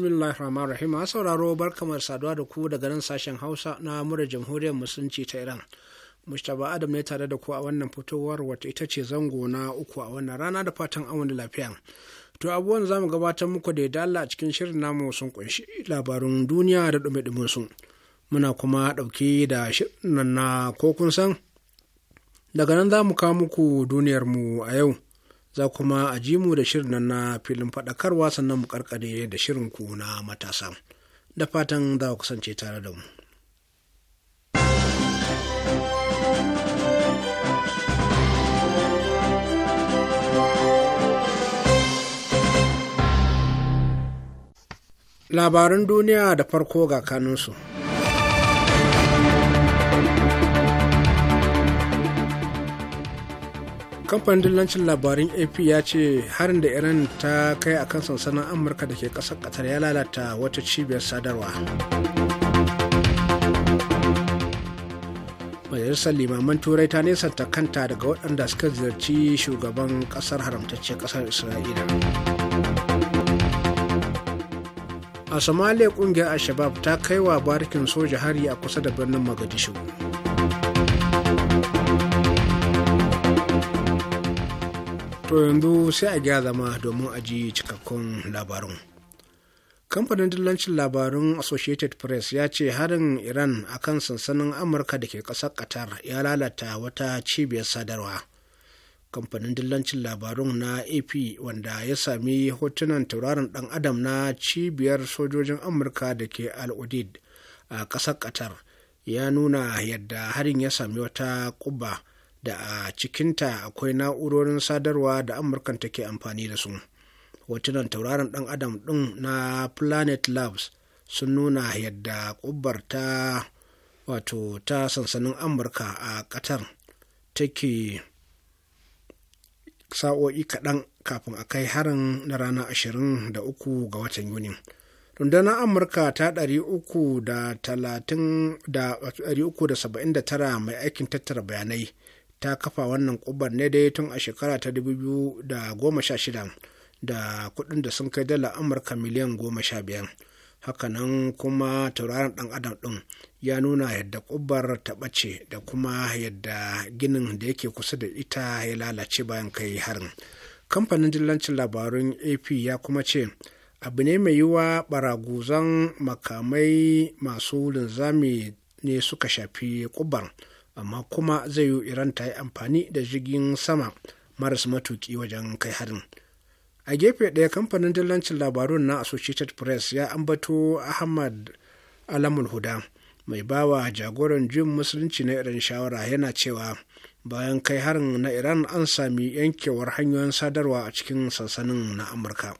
bismillahir rahmanir rahim a sauraro barkamar saduwa da ku daga nan sashen hausa na mura jamhuriyar musulunci ta iran mustapha adam ne tare da ku a wannan fitowar wata ita ce zango na uku a wannan rana da fatan awon lafiya to abubuwan za mu gabatar muku da dalla a cikin shirin namu sun kunshi labarun duniya da dume su muna kuma ɗauke da shirin na ko kun san daga nan za mu kawo muku duniyarmu a yau za kuma a ji mu da shirin nan na filin faɗakarwa sannan mu karkare da shirin ku na matasa da fatan za ku kusance tare da mu labaran duniya da farko ga kanunsu. kamfanin dillancin labarin ap ya ce harin da iran ta kai a kan sansanin amurka da ke ƙasar katar ya lalata wata cibiyar sadarwa majalisar limaman turai ta nesanta kanta daga waɗanda suka ziyarci shugaban ƙasar haramtacce ƙasar isra'ila a somalia ƙungiyar al-shabab ta kai wa barikin soja hari a kusa da birnin magadishu To yanzu sai a gyara zama domin a ji cikakkun labarun. Kamfanin dillancin labarun Associated Press ya ce harin Iran a kan sansanin Amurka da ke ƙasar Qatar ya lalata wata cibiyar sadarwa. Kamfanin dillancin labarun na AP wanda ya sami hotunan tauraron ɗan adam na cibiyar sojojin Amurka da ke Al-Udid a ƙasar Qatar ya nuna yadda harin ya sami wata ƙuba. da a cikinta akwai na'urorin sadarwa da amurkan take amfani da su hotunan tauraron dan adam ɗin na planet labs sun nuna yadda kubbar ta wato ta sansanin amurka a ƙatar take sa'o'i kaɗan kafin a kai harin na da 23 ga watan yuni rundunar amurka ta 379 mai aikin tattara bayanai ta kafa wannan kubar ne dai tun a shekara ta 2016 da kuɗin da sun kai dala amurka miliyan 15 hakanan kuma tauraron ɗan adam ɗin ya nuna yadda kubar ta ɓace da kuma yadda ginin da yake kusa da ita ya lalace bayan kai harin kamfanin dillancin labarun ap ya kuma ce abu ne mai yiwa baraguzan makamai masu linzami ne suka shafi kubar amma kuma zai yiwu iran ta yi amfani da jirgin sama maras matuki wajen kai harin a gefe ɗaya kamfanin dillancin labarun na associated press ya ambato ahmad alamul huda mai bawa jagoran jin musulunci na iran shawara yana cewa bayan kai harin na iran an sami yankewar hanyoyin sadarwa a cikin sansanin na amurka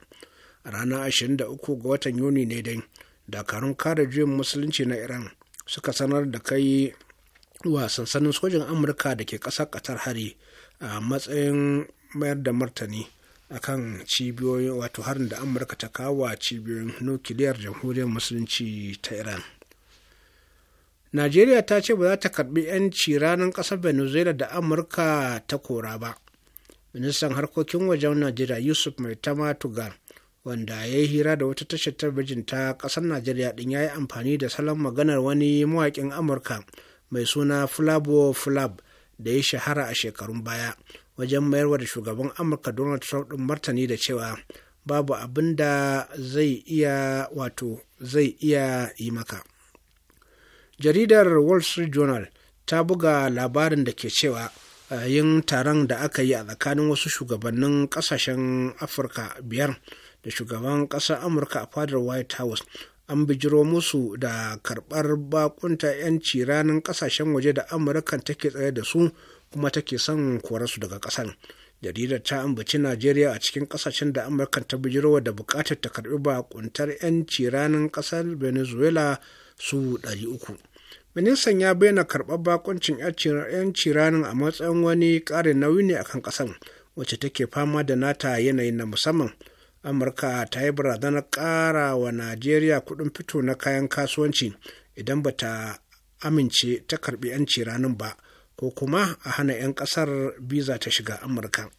a ranar 23 ga watan yuni ne dai dakarun kare juyin musulunci na iran suka sanar da kai Wasan sansanin sojin amurka da ke ƙasar katar hari a matsayin mayar da martani akan cibiyoyin wato harin da amurka ta kawo cibiyoyin nukiliyar jamhuriyar musulunci ta iran najeriya ta ce ba za ta karbi 'yanci ranar ƙasar venezuela da amurka ta kora ba ministan harkokin wajen najeriya yusuf mai tamatugar wanda ya yi hira da wata tashar talabijin ta ƙasar najeriya din ya yi amfani da salon maganar wani mawaƙin amurka mai suna flabo flab da ya shahara a shekarun baya wajen mayarwa da shugaban amurka donald trump din martani da cewa babu abin da zai iya wato zai iya yi maka jaridar wall street journal ta buga labarin da ke cewa eh, yin taron da aka yi a tsakanin wasu shugabannin kasashen afirka biyar da shugaban ƙasar amurka a fadar white house an bijiro musu da karɓar bakunta 'yanci ranar ƙasashen waje da Amurka take tsaye da su kuma take son korarsu daga ƙasar jaridar ta ambaci najeriya a cikin ƙasashen da Amurka ta bijiro da buƙatar ta karɓi bakuntar 'yanci ranar ƙasar venezuela su 300 ministan ya bayyana karɓar bakuncin 'yanci ranar a matsayin wani ƙarin nauyi ne akan ƙasar wacce take fama da nata yanayin na musamman amurka ta yi barazanar ƙara wa najeriya kuɗin fito na kayan kasuwanci idan ba ta amince ta karɓi 'yanci ranar ba ko kuma a hana 'yan ƙasar biza ta shiga amurka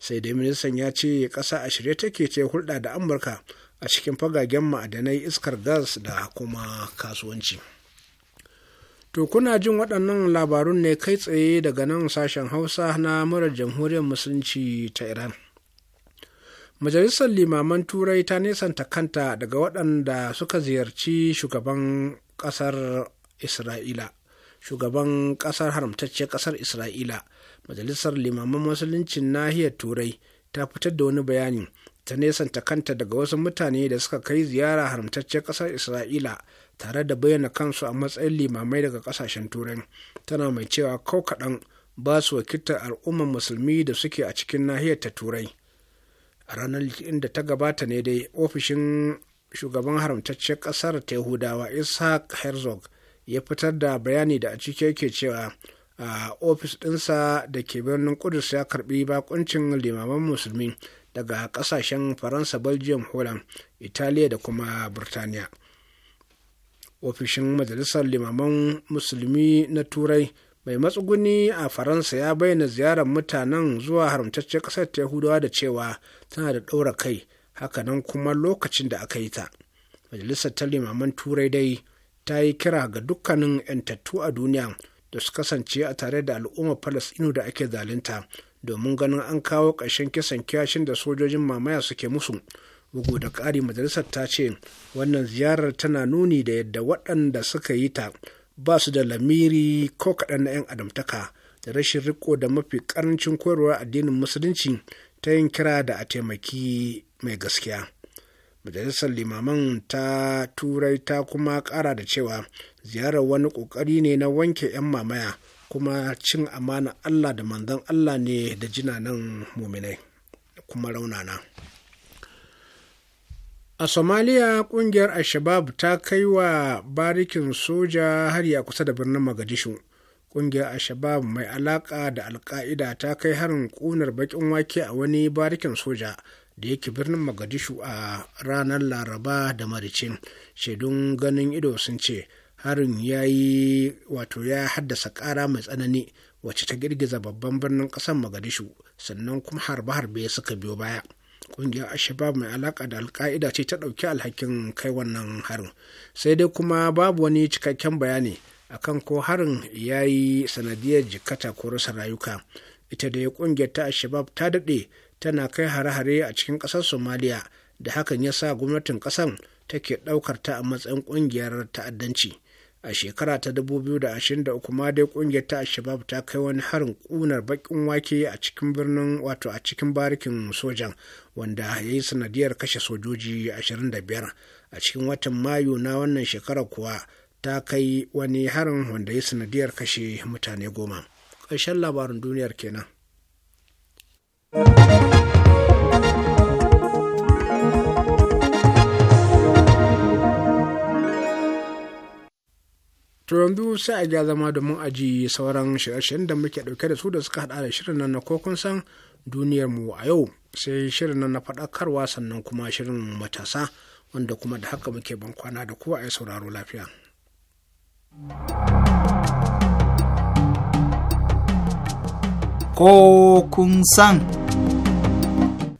sai dai ministan ya ce ƙasa a shirye take ta hulɗa da amurka a cikin fagagen ma'adanai iskar gas da kuma kasuwanci to kuna jin waɗannan labarun ne kai tsaye daga nan sashen hausa na murar jamhuriyar musulunci ta iran majalisar limaman turai ta nesanta kanta daga waɗanda suka ziyarci shugaban ƙasar isra'ila shugaban ƙasar haramtacce ƙasar isra'ila majalisar limaman musuluncin nahiyar turai ta fitar da wani bayani ta nesanta kanta daga wasu mutane da suka kai ziyara haramtacce ƙasar isra'ila tare da bayyana kansu a matsayin limamai daga ƙasashen turai tana mai cewa kau kaɗan ba su wakiltar al'ummar musulmi da suke a cikin nahiyar ta turai a ranar litinin da ta gabata ne dai ofishin shugaban haramtaccen kasar ta yahudawa ishaq herzog ya fitar da bayani da a ciki yake cewa a ofis ɗinsa da ke birnin kudus ya karbi bakuncin limaman musulmi daga ƙasashen faransa belgium holland italiya da kuma burtaniya ofishin majalisar limaman musulmi na turai mai matsuguni a faransa ya bayyana ziyarar mutanen zuwa haramtaccen ƙasar ta yahudawa da cewa tana da ɗaura kai hakanan kuma lokacin da aka yi ta majalisar ta limaman turai dai ta yi kira ga dukkanin 'yantattu a duniya da su kasance a tare da al'ummar inu da ake zalunta domin ganin an kawo ƙarshen kisan kiyashin da sojojin mamaya suke musu bugu da ƙari majalisar ta ce wannan ziyarar tana nuni da yadda waɗanda suka yi ta ba su da lamiri ko kaɗan na 'yan adamtaka da rashin riko da mafi ƙarancin koyarwar addinin musulunci ta yin kira da a taimaki mai gaskiya majalisar limaman ta turai ta kuma ƙara da cewa ziyarar wani ƙoƙari ne na wanke 'yan mamaya kuma cin amana allah da manzan allah ne da jinanan muminai kuma raunana. a Somalia, kungiyar al-shabab ta kai wa barikin soja hari a kusa da birnin magadishu kungiyar al-shabab mai alaka da alka'ida ta kai harin kunar bakin wake a wani barikin soja da yake birnin magadishu a ranar laraba da maricin shaidun ganin ido sun ce harin ya yi wato ya haddasa kara mai tsanani wacce ta girgiza babban birnin kasar magadishu sannan kuma harbe-harbe suka biyo baya kungiyar ashabab mai alaka da alka'ida ce ta ɗauki alhakin kai wannan harin sai dai kuma babu wani cikakken bayani akan ko harin ya yi sanadiyar jikata ko rasa rayuka ita da ya kungiyar ta ashabab ta daɗe tana kai hare-hare a cikin ƙasar somaliya da hakan ya sa gwamnatin ƙasar take ɗaukar ta a matsayin ƙungiyar ta'addanci a shekara ta 2023 ma dai kungiyar ta shabab ta kai wani harin kunar bakin wake a cikin birnin wato a cikin barikin sojan wanda ya yi sanadiyar kashe sojoji 25 a cikin watan mayu na wannan shekara kuwa ta kai wani harin wanda ya sanadiyar kashe mutane goma ƙarshen labarin duniyar kenan. to yanzu sai a ja zama domin a ji sauran shirye-shiryen da muke ɗauke da su da suka hada da shirin nan na kokon san duniyar mu a yau sai shirin nan na faɗakarwa sannan kuma shirin matasa wanda kuma da haka muke ban kwana da kowa ya sauraro lafiya. Ko kun san.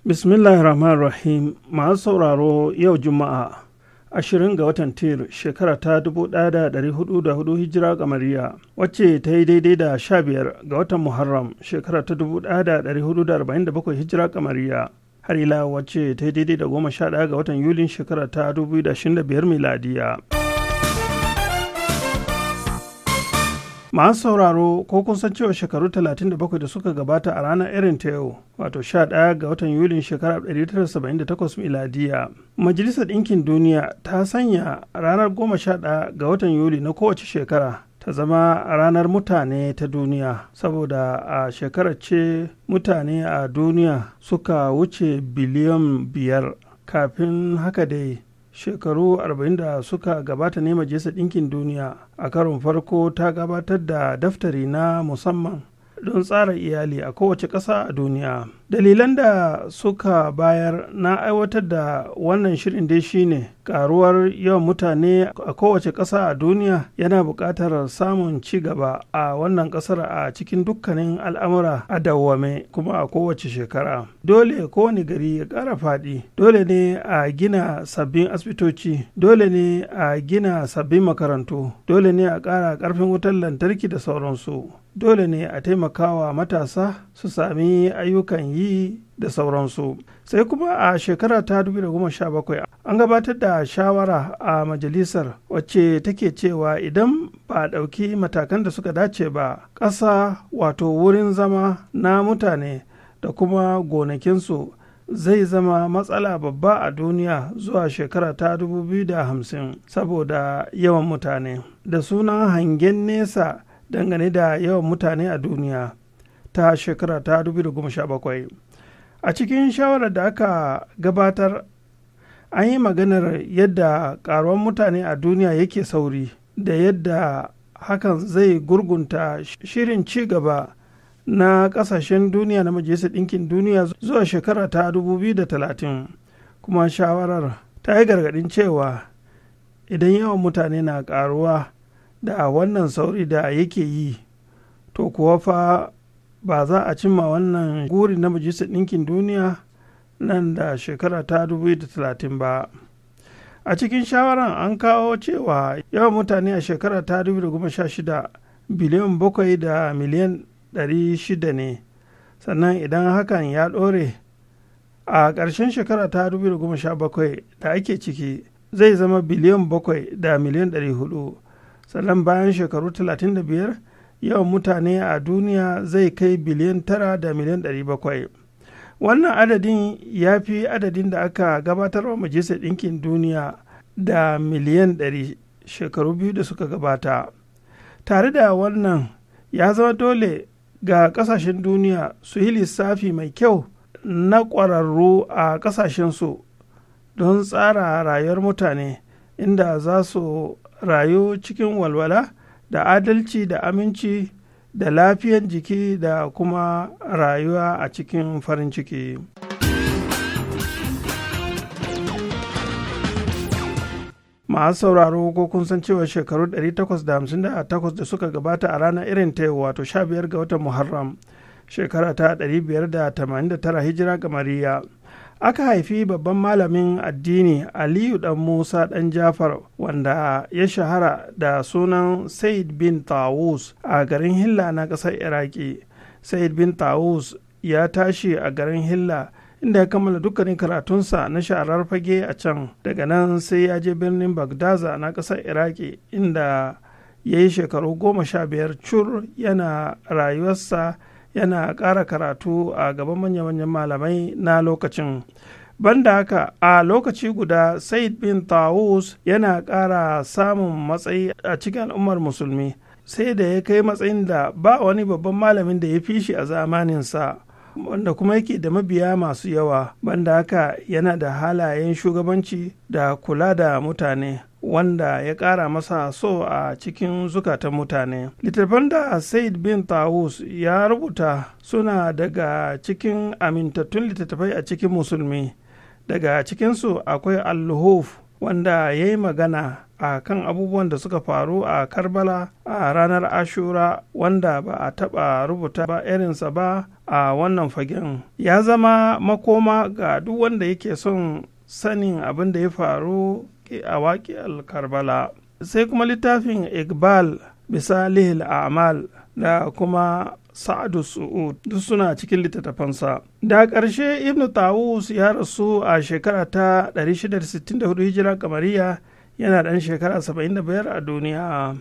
Bismillahirrahmanirrahim masu sauraro yau Juma'a. ashirin ga watan tir shekara ta dubu da da dari hudu hudu hijira kamariya wacce ta yi daidai da sha biyar ga watan muharram shekara ta dubu da da da dari hudu arba'in bakwai hijira kamariya har ila wacce ta yi daidai da goma sha ɗaya ga watan yulin shekara ta dubu da da biyar miladiya. masu sauraro ko kun san cewa shekaru 37 da suka gabata a ranar irin ta yau wato 11 ga watan yulin shekarar 1978 miladiya majalisar ɗinkin duniya ta sanya ranar 11 ga watan yuli na kowace shekara ta zama ranar mutane ta duniya saboda a shekarar ce mutane a duniya suka wuce biliyan biyar kafin haka dai shekaru 40 da suka gabata ne majalisar ɗinkin duniya a karon farko ta gabatar da daftari na musamman don tsara iyali a kowace ƙasa a duniya dalilan da suka bayar na aiwatar da wannan shirin dai shine karuwar yawan mutane a kowace ƙasa a duniya yana buƙatar samun ci gaba a wannan ƙasar a cikin dukkanin al'amura a dawwame kuma a kowace shekara dole kowane gari ya ƙara faɗi dole ne a gina sabbin asibitoci dole ne a gina sabbin makarantu dole ne a ƙara ƙarfin wutar lantarki da sauransu dole ne a taimakawa matasa su sami ayyukan yi da sauransu sai kuma a shekara ta 2017 an gabatar da shawara a majalisar wacce take cewa idan ba a ɗauki matakan da suka dace ba ƙasa wato wurin zama na mutane da kuma gonakinsu zai zama matsala babba a duniya zuwa shekara ta 2050 saboda yawan mutane da sunan hangen nesa dangane da yawan mutane a duniya ta shekara ta 2017 a cikin shawarar da aka gabatar an yi maganar yadda karuwan mutane a duniya yake sauri da yadda hakan zai gurgunta shirin ci gaba na kasashen duniya na majalisar ɗinkin duniya zuwa shekara ta 2030 kuma shawarar ta yi gargaɗin cewa idan yawan mutane na karuwa da wannan sauri da yake yi to kuwa fa ba za a cimma wannan guri na majalisar ɗinkin duniya nan da shekara ta 2030 ba a cikin shawaran an kawo cewa yawan mutane a shekara ta 2016 biliyan bakwai da miliyan 600 ne sannan idan hakan ya ɗore a ƙarshen shekara ta 2017 da ake ciki zai zama biliyan bakwai da miliyan 400 sannan bayan shekaru 35 yawan mutane a duniya zai kai biliyan 9 da miliyan 700 wannan adadin ya fi adadin da aka gabatar wa majalisar ɗinkin duniya da miliyan 100 shekaru biyu da suka gabata tare da wannan ya zama dole ga kasashen duniya su yi lissafi mai kyau na ƙwararru a ƙasashensu don tsara rayuwar mutane inda za su rayu cikin walwala da adalci da aminci da lafiyan jiki da kuma rayuwa a cikin farin ciki. masu sauraro ko kun san cewa shekaru 858 da suka gabata a ranar irin ta wato 15 ga watan muharram shekara ta 589 hijira ga mariya aka haifi babban malamin addini aliyu dan musa dan jafar wanda ya shahara da sunan said bin tawus a garin hilla na ƙasar iraki said bin tawus ya tashi a garin hilla inda ya kammala dukkanin karatunsa na sharar fage a can daga nan sai ya je birnin bagdaza na ƙasar iraki inda ya yi shekaru goma sha biyar cur yana rayuwarsa yana ƙara karatu a gaban manya-manyan malamai na lokacin banda haka a lokaci guda said bin tawus yana ƙara samun matsayi a cikin al'ummar musulmi sai da ya kai matsayin da ba wani babban malamin da ya fi shi a zamaninsa wanda kuma yake da mabiya masu yawa banda haka yana da halayen shugabanci da kula da mutane wanda ya ƙara masa so a cikin zukatan mutane. Littattafan da Said bin Tawus ya rubuta suna daga cikin amintattun littattafai a cikin musulmi. Daga cikinsu akwai Alluhuf wanda ya yi magana a kan abubuwan da suka faru a Karbala a ranar Ashura wanda ba a taɓa rubuta ba irinsa ba a wannan fagen. Ya zama makoma ga duk wanda yake son sanin abin da ya faru a waƙiyar karbala sai kuma littafin iqbal bisalihil amal da kuma sa'adu su'ud duk suna cikin littattafansa da ƙarshe ibnu tawus ya rasu a shekara ta 664 hijira kamariya yana ɗan shekara 75 a duniya.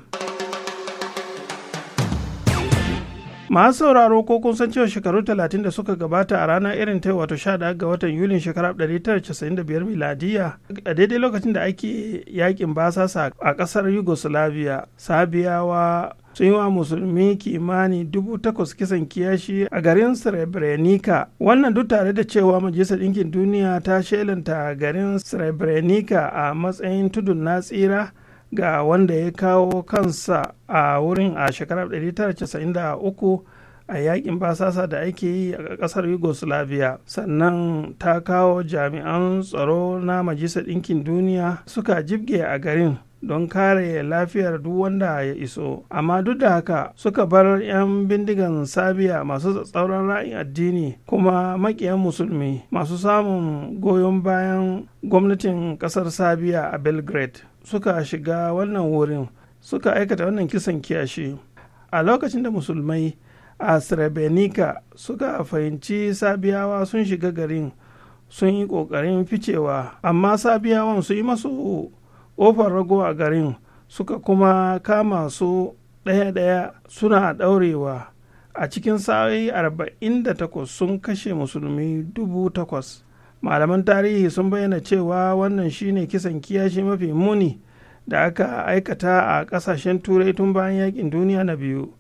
masu sauraro ko kun san cewa shekaru 30 da suka gabata a ranar irin ta wato 11 ga watan yulin shekarar 1995 miladiya a daidai lokacin da ake yakin basasa a kasar yugoslavia sabiyawa sun yi wa musulmi kimani dubu takwas kisan kiyashi a garin srebrenica wannan duk tare da cewa majalisar ɗinkin duniya ta shelanta garin srebrenica a matsayin tudun na tsira ga wanda ya kawo kansa a wurin a shekarar 1993 a yakin basasa da ake yi a kasar yugoslavia sannan ta kawo jami'an tsaro na majalisar ɗinkin duniya suka jibge a garin don kare lafiyar duk wanda ya iso amma duk da haka suka bar 'yan bindigan sabiya masu tsauran ra'ayin addini kuma makiyan musulmi masu samun goyon bayan gwamnatin kasar sabiya a belgrade suka shiga wannan wurin suka aikata wannan kisan kiyashi a lokacin da musulmai a srebrenica suka fahimci sabiyawa sun shiga garin sun yi ƙoƙarin ficewa amma sabiyawan su yi masu ƙofar rago a garin suka kuma kama su ɗaya-ɗaya suna ɗaurewa a cikin sa'o'i 48 sun kashe musulmi dubu takwas malaman tarihi sun bayyana cewa wannan shine kisan kiyashi mafi muni da aka aikata a kasashen turai tun bayan yakin duniya na biyu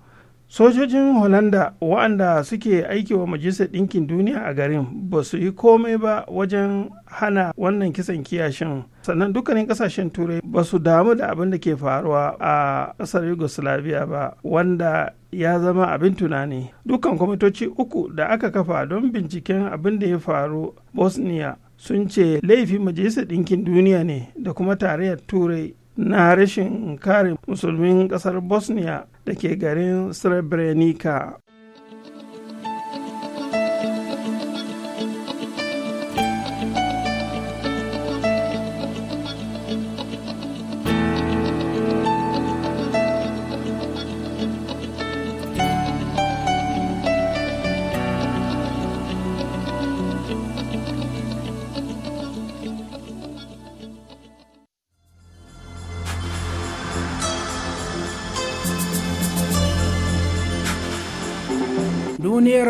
sojojin holanda waɗanda suke aiki wa majalisar ɗinkin duniya a garin ba su yi komai ba wajen hana wannan kisan kiyashin sannan dukkanin ƙasashen turai ba su damu da abin da ke faruwa a ƙasar yugoslavia ba wanda ya zama abin tunani dukkan kwamitoci uku da aka kafa don binciken abin da ya faru bosnia sun ce laifin majalisar ɗinkin duniya ne da kuma tarayyar turai na rashin kare musulmin kasar bosnia da ke garin srebrenica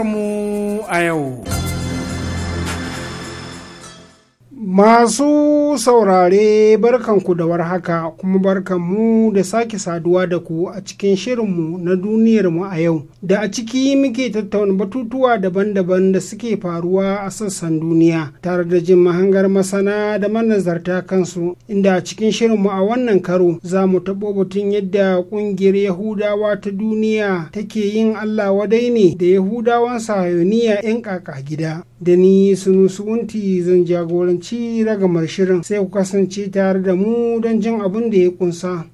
mu a yau. Masu saurare barkanku da warhaka kuma barkanmu da sake saduwa da ku a cikin shirinmu na duniyarmu a yau da a ciki muke tattauna batutuwa daban-daban da suke faruwa a sassan duniya tare da jin mahangar masana da manazarta kansu inda a cikin shirinmu a wannan karo za mu taɓo batun yadda ƙungiyar Yahudawa ta duniya take yin Allah wadai ne da Yahudawan Sahayoniya 'yan kaka gida da ni sunusunti zan jagoranci ragamar shirin sai ku kasance tare da mu don jin abin da ya kunsa.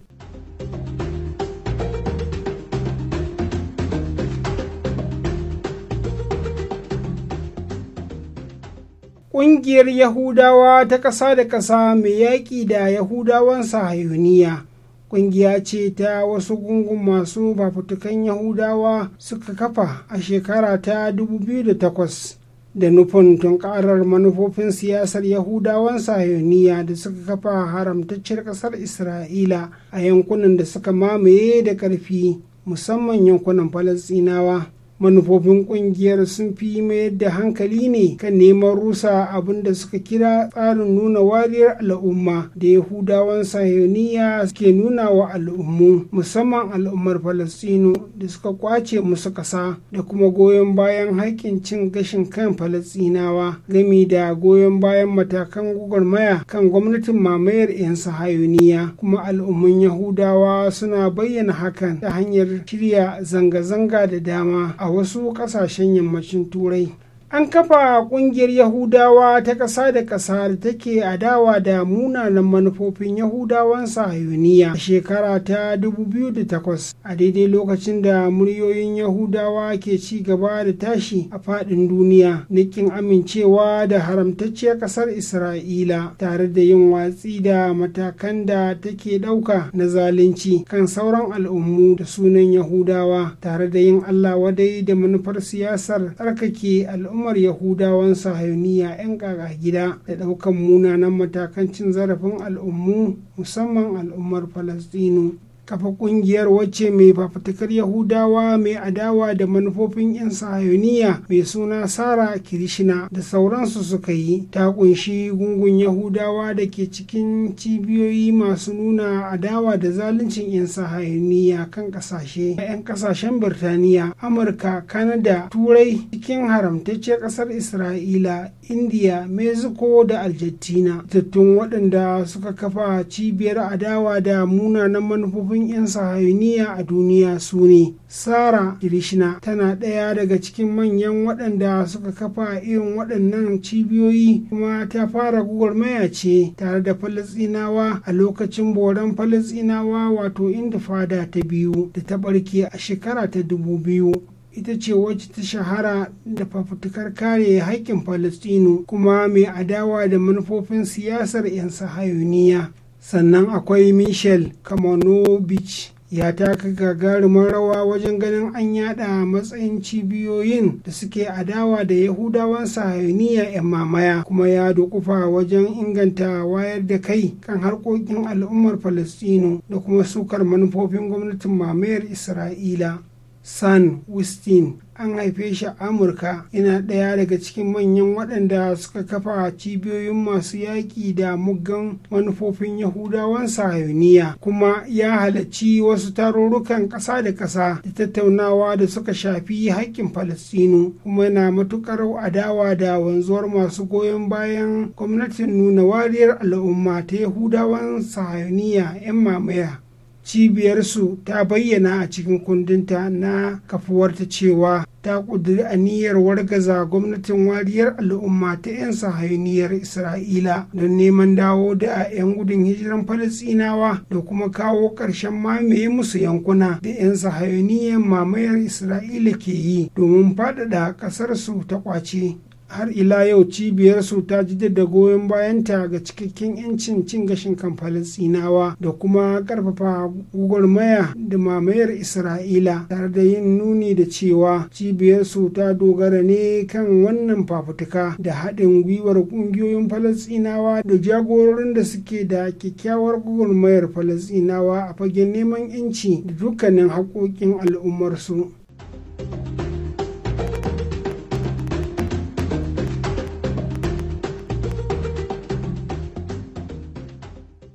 Ƙungiyar Yahudawa ta ƙasa da ƙasa mai yaƙi da Yahudawan Sahayuniya. ƙungiya ce ta wasu gungun masu fafutukan yahudawa suka kafa a shekara ta 2008 da nufin tunkarar manufofin siyasar yahudawan sayoniya da suka kafa haramtacciyar ƙasar isra'ila a yankunan da suka mamaye da ƙarfi musamman yankunan falasinawa manufofin kungiyar sun fi mayar da hankali ne kan neman rusa abin da suka kira tsarin nuna wariyar al'umma da yahudawan sahiyoniya suke nuna wa al'ummu musamman al'ummar falastinu da suka kwace musu kasa da kuma goyon bayan haƙƙin cin gashin kan falastinawa gami da goyon bayan matakan gwagwarmaya kan gwamnatin mamayar 'yan sahayoniya kuma al'ummun yahudawa suna bayyana hakan ta hanyar shirya zanga-zanga da dama a wasu kasashen yammacin turai an kafa kungiyar yahudawa ta ƙasa da ƙasa da take adawa da munanan manufofin yahudawan Yuniya. a shekara ta 2008 a daidai lokacin da muryoyin yahudawa ke ci gaba da tashi a faɗin duniya nikin amincewa da haramtacciyar ƙasar isra'ila tare da yin watsi da matakan da take ɗauka na zalunci kan sauran al'ummu da sunan yahudawa tare da yin allah wadai da manufar siyasar tsarkake al'umma al'ummar yahudawan sahayuniya 'yan ƙara gida da ɗaukan munanan matakan cin zarafin al'ummu musamman al'ummar falastinu kafa kungiyar wacce mai fafatakar yahudawa mai adawa da manufofin 'yan sahayoniya mai suna sara kirishina da sauransu suka yi ta kunshi gungun yahudawa da ke cikin cibiyoyi masu nuna adawa da zaluncin 'yan sahayoniya kan kasashe A 'yan kasashen birtaniya amurka kanada turai cikin haramtacciyar kasar isra'ila indiya mexico da argentina tattun waɗanda suka kafa cibiyar adawa da munanan manufofin tsofaffin 'yan sahayuniya a duniya su ne sara kirishina tana ɗaya daga cikin manyan waɗanda suka kafa irin waɗannan cibiyoyi kuma ta fara gwagwarmaya ce tare da falasinawa a lokacin boran falasinawa wato indifada ta biyu da ta ɓarke a shekara ta dubu biyu ita ce wacce ta shahara da fafutukar kare haƙƙin falastinu kuma mai adawa da manufofin siyasar 'yan sahayuniya sannan akwai michel kamanovich ya taka gagarumin rawa wajen ganin an yada matsayin cibiyoyin da suke adawa da yahudawan sahaniya 'yan mamaya kuma ya dukufa wajen inganta wayar da kai kan harkokin al'ummar palestino da kuma sukar manufofin gwamnatin mamayar isra'ila san wistin an haife shi a amurka yana ɗaya daga cikin manyan waɗanda suka kafa cibiyoyin masu yaƙi da muggan manufofin yahudawan sahayuniya kuma ya halarci wasu tarurrukan ƙasa da ƙasa da tattaunawa da suka shafi haƙƙin falastinu kuma yana matuƙar adawa da wanzuwar masu goyon bayan gwamnatin nuna wariyar al'umma ta yahudawan sahayuniya 'yan mamaya cibiyarsu ta bayyana a cikin kundinta na kafuwarta cewa ta ƙudiri aniyar wargaza gwamnatin wariyar al'umma ta 'yan sahayniyar isra'ila don neman dawo da 'yan gudun hijiran falasinawa da kuma kawo ƙarshen mamaye musu yankuna da 'yan sahayniyar mamayar isra'ila ke yi domin faɗaɗa ƙasarsu ta ƙwace har ila yau cibiyarsu ta ji jaddada goyon bayanta ga cikakken 'yancin cin gashin kan falastinawa da kuma karfafa gugurmaya da mamayar isra'ila tare da yin nuni da cewa cibiyarsu ta dogara ne kan wannan fafutuka da haɗin gwiwar ƙungiyoyin falastinawa da jagororin da suke da kyakkyawar mayar Falasinawa a fagen neman 'yanci da dukkanin haƙoƙin al'ummarsu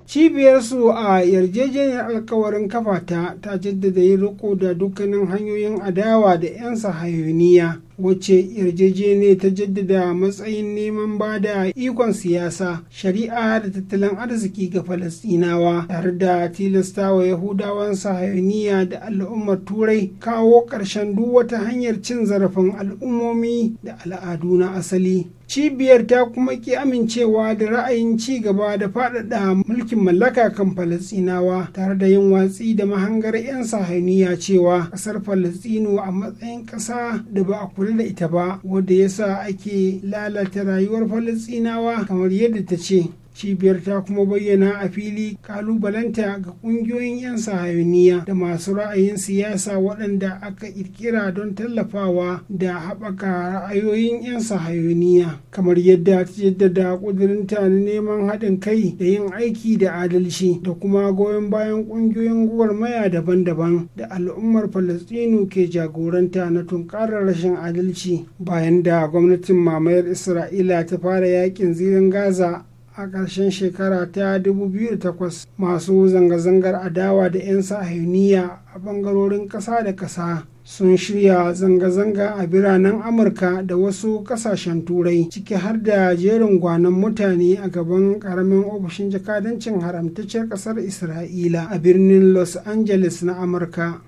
cibiyarsu a yarjejeniyar alkawarin kafata ta jaddada yin riko da dukkanin hanyoyin adawa da 'yan sahayoniya wacce yarjejeniyar ta jaddada matsayin neman ba da ikon siyasa shari'a da tattalin arziki ga Falasɗinawa? tare da tilasta wa yahudawan sahayoniya da al'ummar turai kawo ƙarshen duk wata hanyar cin zarafin al'ummomi da al'adu na asali cibiyar ta kuma ki amincewa da ra'ayin ci gaba da faɗaɗa mulkin mallaka kan falasinawa tare da yin watsi da mahangar 'yan sahaniya cewa ƙasar falasino a matsayin ƙasa da ba a kula da ita ba wadda yasa ake lalata rayuwar falasinawa kamar yadda ta ce cibiyar ta kuma bayyana a fili kalubalanta ga kungiyoyin 'yan sahayoniya da masu ra'ayin siyasa waɗanda aka ƙirƙira don tallafawa da haɓaka ra'ayoyin 'yan sahayoniya kamar yadda ta jaddada ƙudurinta na neman haɗin kai da yin aiki da adalci da kuma goyon bayan ƙungiyoyin gwagwarmaya daban-daban da al'ummar falastinu ke jagoranta na tunkarar rashin adalci bayan da gwamnatin mamayar isra'ila ta fara yakin zirin gaza a ƙarshen shekara ta 2008 masu zanga-zangar adawa da 'yan sahiniya a ɓangarorin ƙasa da ƙasa sun shirya zanga-zanga a biranen amurka da wasu ƙasashen turai ciki har da jerin gwanon mutane a gaban ƙaramin ofishin jakadancin haramtacciyar ƙasar isra'ila a birnin los angeles na amurka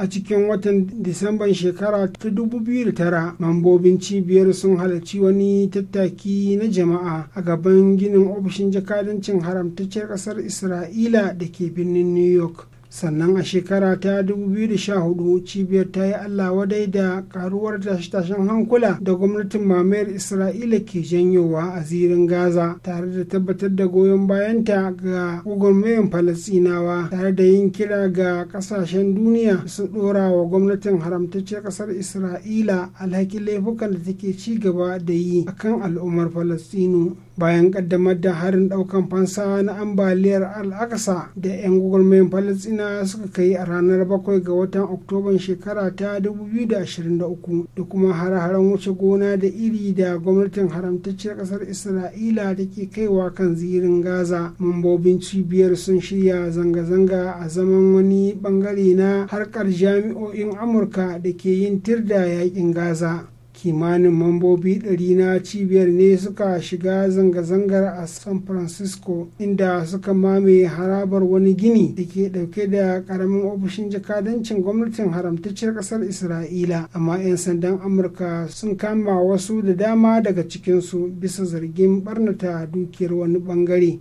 a cikin watan disamban shekara ta da tara, mambobin cibiyar sun halarci wani tattaki na jama'a a gaban ginin ofishin jakadancin haramtacciyar ƙasar isra'ila da ke birnin new york sannan a shekara ta 2014 cibiyar ta yi allah wadai da karuwar tashen hankula da gwamnatin mamayar isra'ila ke janyowa a zirin gaza tare da tabbatar da goyon bayanta ga gwagwarmayan falasinawa tare da yin kira ga kasashen duniya su dora wa gwamnatin haramtacciyar kasar isra'ila alhakin laifukan da take ci gaba da yi akan al'ummar falasinu bayan kaddamar da harin daukan fansa na ambaliyar al al'aksa da 'yan gwagwarmayin falasina suka kai a ranar 7 ga watan oktoban shekara ta 2023 da kuma hare-haren wuce gona da iri da gwamnatin haramtacciyar kasar isra'ila da ke kaiwa kan zirin gaza mambobin cibiyar sun shirya zanga-zanga a zaman wani bangare na harkar jami'o'in amurka da ke yin tirda yakin gaza kimanin mambobi ɗari na cibiyar ne suka shiga zanga-zangar a san francisco inda suka mamaye harabar wani gini da ke ɗauke da ƙaramin ofishin jakadancin gwamnatin haramtacciyar ƙasar isra'ila amma 'yan sandan amurka sun kama wasu da dama daga cikinsu bisa zargin barnata dukiyar wani bangare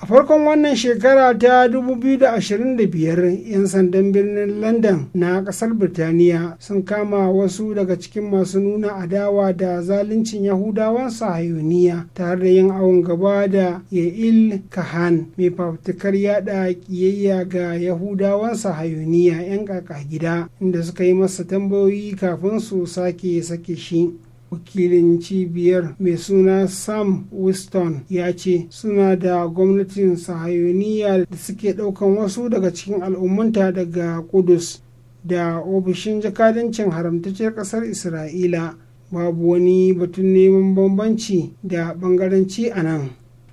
a farkon wannan shekara ta 2025 'yan sandan birnin london na kasar birtaniya sun kama wasu daga cikin masu nuna adawa da zaluncin yahudawan sahayuniya tare da yin awon gaba da ya'il kahan mai fafutukar yada kiyayya ga yahudawan sahayuniya 'yan kaka gida inda suka yi masa tambayoyi kafin su sake sake shi wakilin cibiyar mai suna sam winston ya ce suna da gwamnatin sahayoniya da suke daukan wasu daga cikin al'ummanta daga kudus da ofishin jakadancin haramtacciyar kasar isra'ila babu wani batun neman bambanci da bangaranci a nan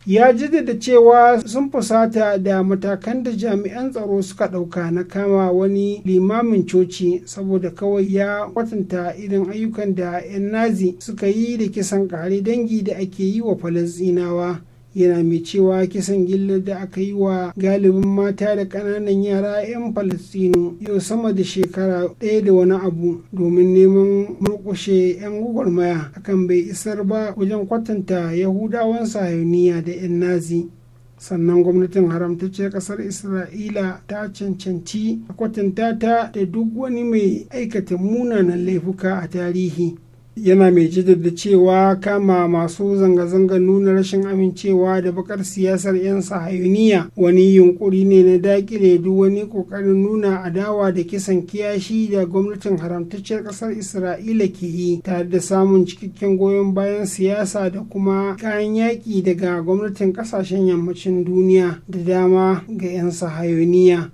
ya jaddada cewa sun fusata da matakan da jami'an tsaro suka ɗauka na kama wani limamin coci saboda kawai ya kwatanta irin ayyukan da 'yan nazi suka yi da kisan kare dangi da ake yi wa falasɗinawa yana mai cewa kisan gillar da aka yi wa galibin mata da ƙananan yara 'yan falastinu yau sama da shekara ɗaya da wani abu domin neman murƙushe 'yan gwagwarmaya akan bai isar ba wajen kwatanta yahudawan sahiyoniya da 'yan nazi sannan gwamnatin haramtacce kasar isra'ila ta cancanci a kwatanta ta da duk wani mai aikata munanan laifuka a tarihi yana mai jaddada cewa kama masu zanga-zanga nuna rashin amincewa da bakar siyasar 'yan sahayuniya wani yunkuri ne na dakile duk wani kokarin nuna adawa da kisan kiyashi da gwamnatin haramtacciyar kasar isra'ila ke yi tare da samun cikakken goyon bayan siyasa da kuma kayan yaƙi daga gwamnatin kasashen yammacin duniya da dama ga 'yan sahayuniya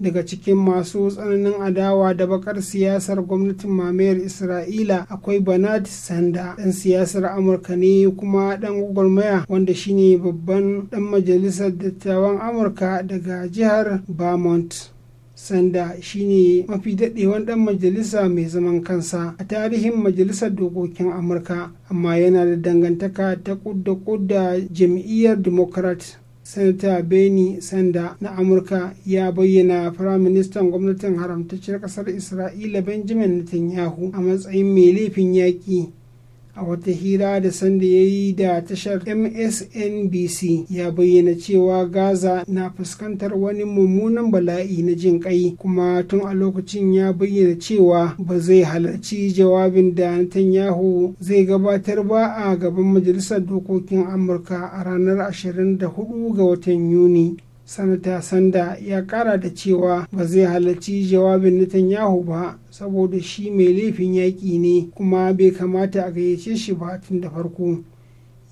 daga cikin masu tsananin adawa da bakar siyasar gwamnatin mamayar isra'ila akwai Bernard sanda dan siyasar amurka ne kuma dan gwagwarmaya wanda shine babban dan majalisar dattawan amurka daga jihar vermont sanda shine mafi daɗewan ɗan majalisa mai zaman kansa a tarihin majalisar dokokin amurka amma yana da dangantaka ta kudda kudda jam'iyyar democrat sanata beni sanda na amurka ya bayyana firaministan gwamnatin haramtacciyar kasar isra'ila benjamin netanyahu a matsayin mai laifin yaƙi a wata hira da sanda ya yi da tashar msnbc ya bayyana cewa gaza na fuskantar wani mummunan bala'i na jin kai kuma tun a lokacin ya bayyana cewa ba zai halarci jawabin da netanyahu zai gabatar ba a gaban majalisar dokokin amurka a ranar 24 ga watan yuni sanata sanda ya kara da cewa ba zai halarci jawabin netanyahu ba saboda shi mai laifin yaƙi ne kuma bai kamata a gayyace shi ba tun da farko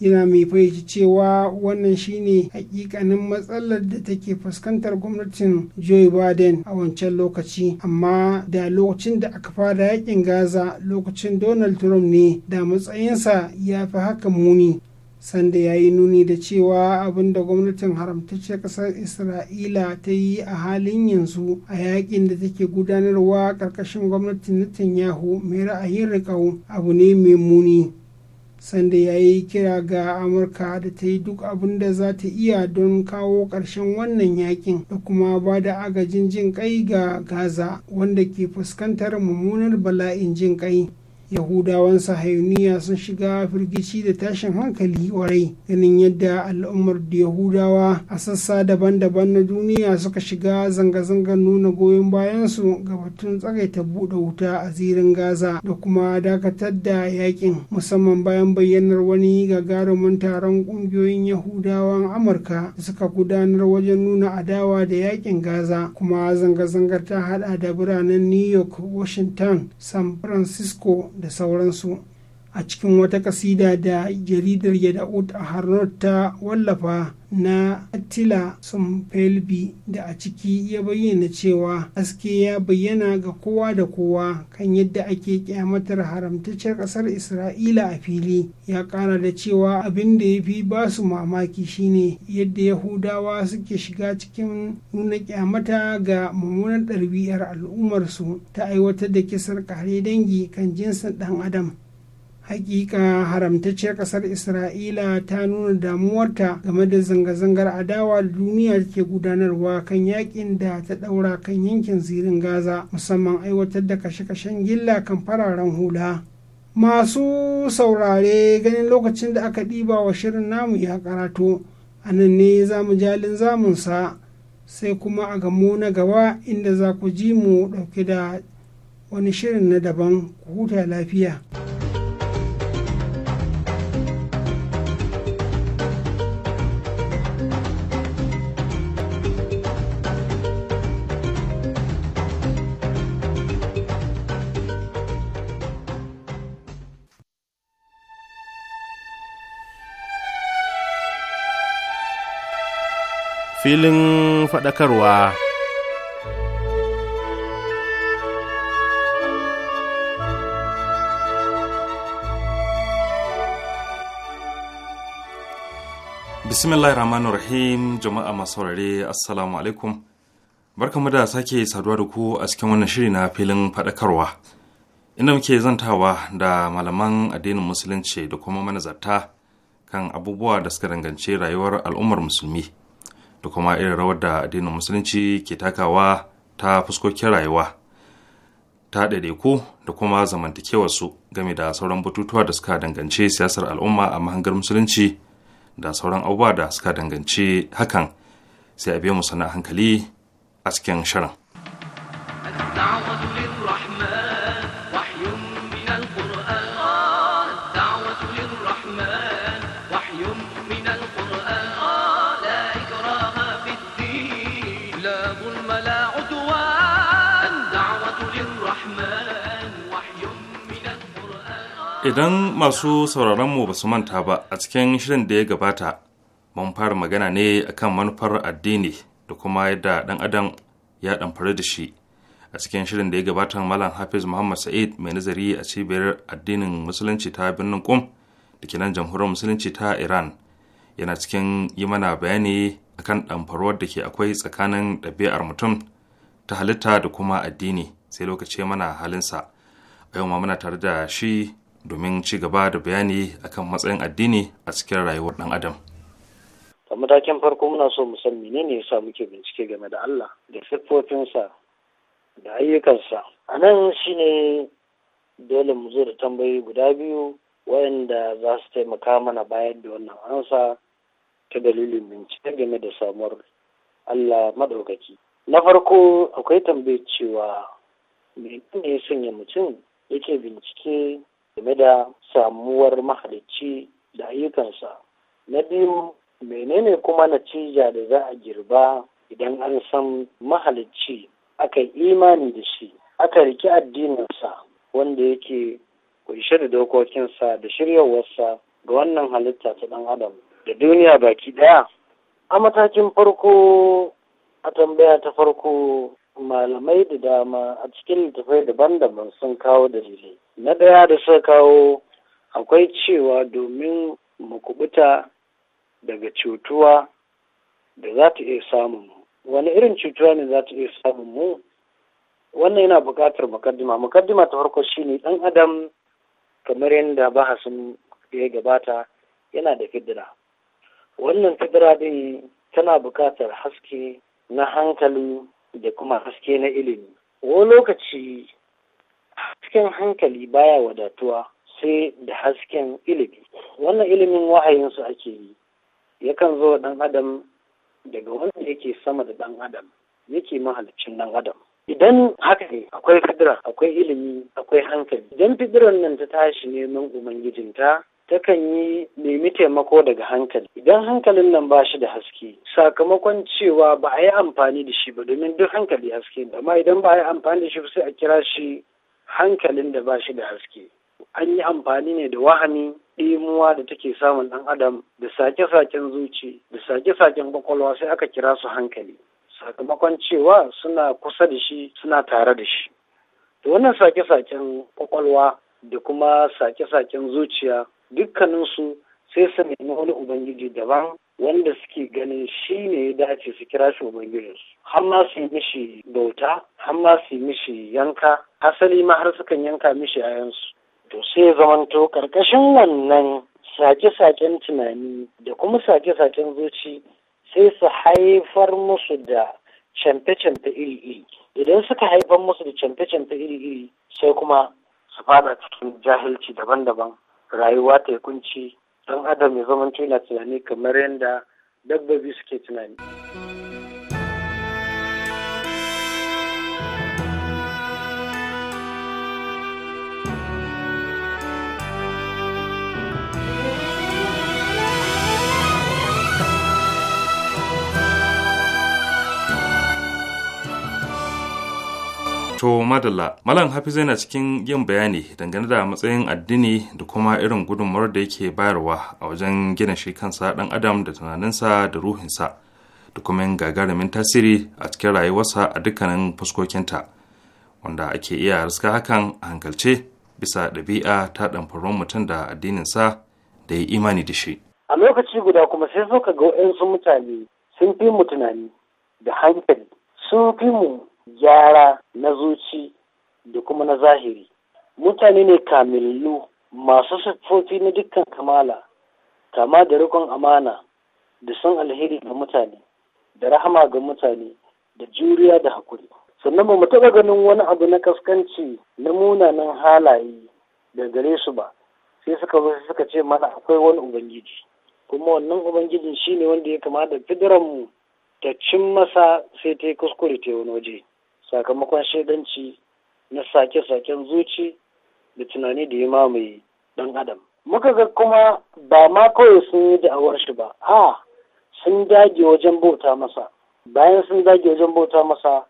yana mai fahimci cewa wannan shine hakikanin matsalar da take fuskantar gwamnatin joe biden a wancan lokaci amma da lokacin da aka fara yakin gaza lokacin donald trump ne da matsayinsa ya fi haka muni sanda ya yi nuni da cewa abin da gwamnatin haramtacce ƙasar isra'ila ta yi a halin yanzu a yakin da take gudanarwa ƙarƙashin gwamnatin netanyahu mai ra'ayin rikau abu ne mai muni sanda ya yi kira ga amurka da ta yi duk abin da za ta iya don kawo ƙarshen wannan yakin da kuma ba da agajin jin kai ga gaza wanda ke fuskantar mummunar bala'in jin kai yahudawan sahayuniya sun shiga firgici da tashin hankali warai ganin yadda al'ummar da yahudawa a sassa daban-daban na duniya suka shiga zanga-zangar nuna goyon bayansu ga batun tsagaita buɗe wuta a zirin gaza da kuma dakatar da yakin musamman bayan bayyanar wani gagarumin taron ƙungiyoyin yahudawan amurka da suka gudanar wajen nuna adawa da yakin gaza kuma zanga-zangar ta hada da biranen new york washington san francisco de orden su a cikin wata kasida da jaridar yada'ud a harnot ta wallafa na attila sumfelbi da a ciki ya bayyana cewa Aske ya bayyana ga kowa da kowa kan yadda ake kyamatar haramtaccen kasar isra'ila a fili ya kara da cewa abin da ya fi ba su mamaki shine yadda yahudawa suke shiga cikin nuna kyamata ga mummunar ɗarbiyar al'ummarsu ta aiwatar da kisar kare dangi kan jinsin ɗan adam hakika haramtacciyar kasar isra'ila ta nuna damuwarta game da zanga-zangar adawa da duniya ke gudanarwa kan yakin da ta daura kan yankin zirin gaza musamman aiwatar da kashe-kashen gilla kan fararen hula masu saurare ganin lokacin da aka ɗiba wa shirin namu ya karatu a nan ne za mu jalin zamunsa sai kuma a gamo na gaba inda za ku ji mu ɗauke da wani shirin na daban ku huta lafiya. filin faɗakarwa. bismillahir ramanu rahim jama'a masu saurare assalamu alaikum barkamu da sake saduwa da ku a cikin wannan shiri na filin faɗakarwa inda muke zantawa da malaman addinin musulunci da kuma manazarta kan abubuwa da suka danganci rayuwar al'ummar musulmi da kuma irin rawar da addinin musulunci ke takawa ta fuskokin rayuwa ta ɗaiɗaiku da kuma zamantakewarsu game da sauran batutuwa da suka danganci siyasar al'umma a mahangar musulunci da sauran abubuwa da suka danganci hakan sai a biya mu hankali a cikin shirin. idan masu sauraronmu ba su manta ba a cikin shirin da ya gabata mun fara magana ne akan manufar addini da kuma yadda ɗan adam ya ɗamfari da shi a cikin shirin da ya gabata malam hafiz muhammad sa'id mai nazari a cibiyar addinin musulunci ta birnin kum da ke nan jamhuriyar musulunci ta iran yana cikin yi mana bayani akan ɗamfarwar da ke akwai tsakanin ɗabi'ar mutum ta halitta da kuma addini sai lokaci mana halinsa a yau ma muna tare da shi domin ci gaba da bayani akan matsayin addini a cikin rayuwar ɗan adam. a matakin farko muna so mu san menene yasa muke bincike game da Allah da siffofinsa da ayyukansa a nan shine dole mu zo da tambayi guda biyu wayanda za su taimaka mana bayar da wannan ansa ta dalilin bincike game da samuwar Allah maɗaukaki. na farko akwai tambayar cewa menene ya sanya mutum yake bincike game da samuwar mahalicci da ayyukansa na biyu menene kuma natija da za a girba idan an san mahalicci aka yi imani da shi aka riki addininsa wanda yake kunshe da dokokinsa da shiryawarsa ga wannan halitta ta ɗan adam da duniya baki ɗaya a matakin farko a tambaya ta farko malamai da dama a cikin littattafai daban-daban sun kawo dalilai na ɗaya da suka kawo akwai cewa domin mu kubuta daga cutuwa da za ta iya samun mu wani irin cutuwa ne za ta iya samun mu wannan yana buƙatar mukaddima mukaddima ta farko shine ɗan adam kamar yadda bahasin ya gabata yana da fidira wannan fidira din tana buƙatar haske na hankali da kuma haske na ilimi wani lokaci hasken hankali baya wadatuwa sai da hasken ilimi wannan ilimin wahayinsu ake yi yakan zo dan adam daga wanda yake sama da ɗan adam yake mahalicin ɗan adam idan haka ne akwai fidira akwai ilimi akwai hankali idan fidiran nan ta tashi neman ubangijinta takan yi nemi taimako daga hankali idan hankalin nan ba shi da haske sakamakon cewa ba a yi amfani da shi ba domin duk hankali haske amma idan ba a yi amfani da shi sai a kira shi hankalin da ba shi da haske an yi amfani ne da wahani ɗimuwa da take samun ɗan adam da sake-saken zuci da sake-saken kwakwalwa sai aka kira su hankali sakamakon cewa suna kusa da shi suna tare da shi da wannan sake-saken kwakwalwa da kuma sake-saken zuciya dukkaninsu sai su nemi wani ubangiji daban wanda suke ganin shi ne ya dace su kira shi ubangijinsu har ma su yi mishi bauta har ma su yi mishi yanka asali ma har sukan yanka mishi ayansu to sai ya zamanto karkashin wannan sake-saken tunani da kuma sake-saken zuci sai su haifar musu da canfe-canfe iri-iri idan suka haifar musu da canfe-canfe iri-iri sai kuma su fada cikin jahilci daban-daban rayuwa ta kunci ɗan adam ya zama yana tunani kamar yadda dabbobi suke tunani. To madalla, Malam zai na cikin yin bayani dangane da matsayin addini da kuma irin gudunmuwar da yake bayarwa a wajen gina shi kansa ɗan adam da tunaninsa da ruhinsa da kuma yin gagarumin tasiri a cikin rayuwarsa a dukkanin fuskokinta wanda ake iya riska hakan a hankalce bisa ɗabi'a ta faruwar mutum da addininsa da ya imani da shi. A lokaci guda kuma sai suka ka ga wayansu mutane sun fi mu tunani da hankali sun fi mu gyara na zuci da kuma na zahiri mutane ne kamillu masu siffofi na dukkan kamala kama da rikon amana da son alheri ga mutane da rahama ga mutane da juriya da hakuri sannan ba mu taɓa ganin wani abu na kaskanci na munanan halaye da gare su ba sai suka zo suka ce mana akwai wani ubangiji kuma wannan ubangijin shine wanda ya kama da fidiranmu ta cin masa sai ta yi kuskure ta wani waje sakamakon shaidanci na sake-saken zuci da tunani da ya mamaye ɗan adam muka ga kuma ba ma kawai sun yi da'awar shi ba a sun dage wajen bauta masa bayan sun dage wajen bauta masa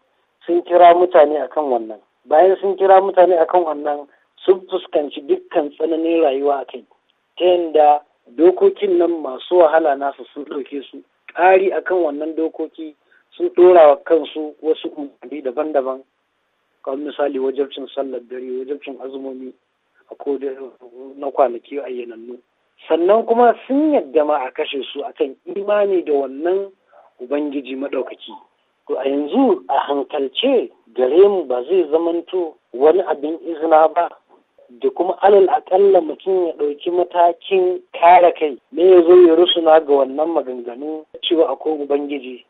sun kira mutane akan wannan bayan sun kira mutane akan wannan sun fuskanci dukkan tsananin rayuwa a kai ta yadda dokokin nan masu wahala nasu sun ɗauke su ƙari akan wannan dokoki sun ɗora wa kansu wasu umarni daban-daban kamar misali wajabcin sallar dare wajabcin azumomi a na kwanaki ayyanannu sannan kuma sun yadda ma a kashe su akan imani da wannan ubangiji maɗaukaki to a yanzu a hankalce gare mu ba zai zamanto wani abin izina ba da kuma alal akalla mutum ya ɗauki matakin kare kai me ya zo ya rusuna ga wannan maganganu cewa akwai ubangiji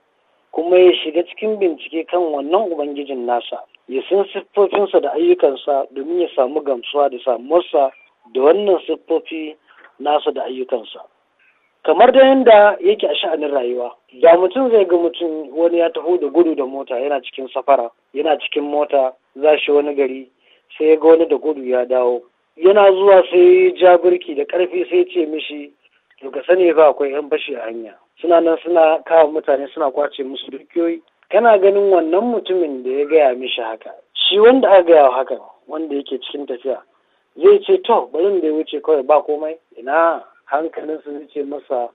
kuma ya shiga cikin bincike kan wannan ubangijin nasa ya san siffofinsa da ayyukansa domin ya samu gamsuwa da samuwarsa da wannan siffofi nasa da ayyukansa kamar da yadda yake a sha'anin rayuwa da mutum zai ga mutum wani ya taho da gudu da mota yana cikin safara yana cikin mota za shi wani gari sai ya ga wani da gudu ya dawo yana zuwa sai ya ja birki da ƙarfi sai ya ce mishi to ka sani fa akwai yan bashi a hanya suna nan suna kawo mutane suna kwace musu dukiyoyi kana ganin wannan mutumin da ya gaya mishi haka shi wanda aka gaya haka wanda yake cikin tafiya zai ce to bari da ya wuce kawai ba komai ina hankalin su ce masa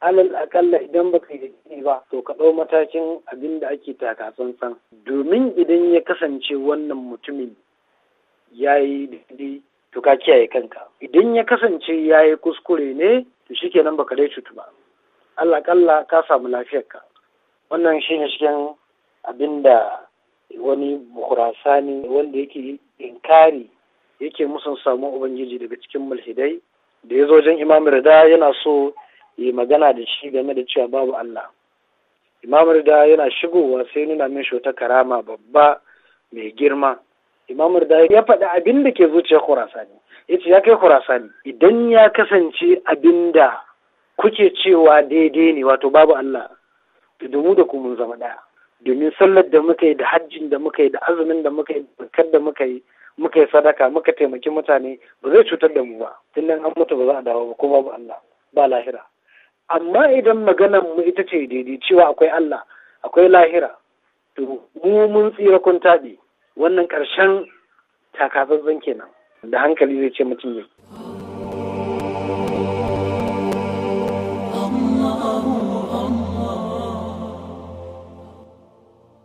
alal akalla idan baka yi ba to ka ɗau matakin abin da ake taka tsantsan domin idan ya kasance wannan mutumin ya yi daidai to ka kiyaye kanka idan ya kasance ya yi kuskure ne to shikenan baka dai cutu ba Allah kalla ka samu lafiyarka wannan shi ne cikin abin da wani ne wanda yake inkari yake musun samun ubangiji daga cikin mulhidai da ya zo wajen imam rida yana so yi magana da shi game da cewa babu Allah imam rida yana shigowa sai nuna min shota karama babba mai girma imam rida ya faɗi abin da ke zuciyar kurasani ya ce ya kai kurasani idan ya kasance abin da kuke cewa daidai ne wato babu Allah da mu da ku mun zama ɗaya domin sallar da muka yi da hajjin da muka yi da azumin da muka yi zakar da muka yi muka yi sadaka muka taimaki mutane ba zai cutar da mu ba tunan an mutu ba za a dawo ba ko babu Allah ba lahira amma idan maganar mu ita ce daidai cewa akwai Allah akwai lahira to mu mun tsira kun taɓi wannan ƙarshen takatsantsan kenan da hankali zai ce mutum ne.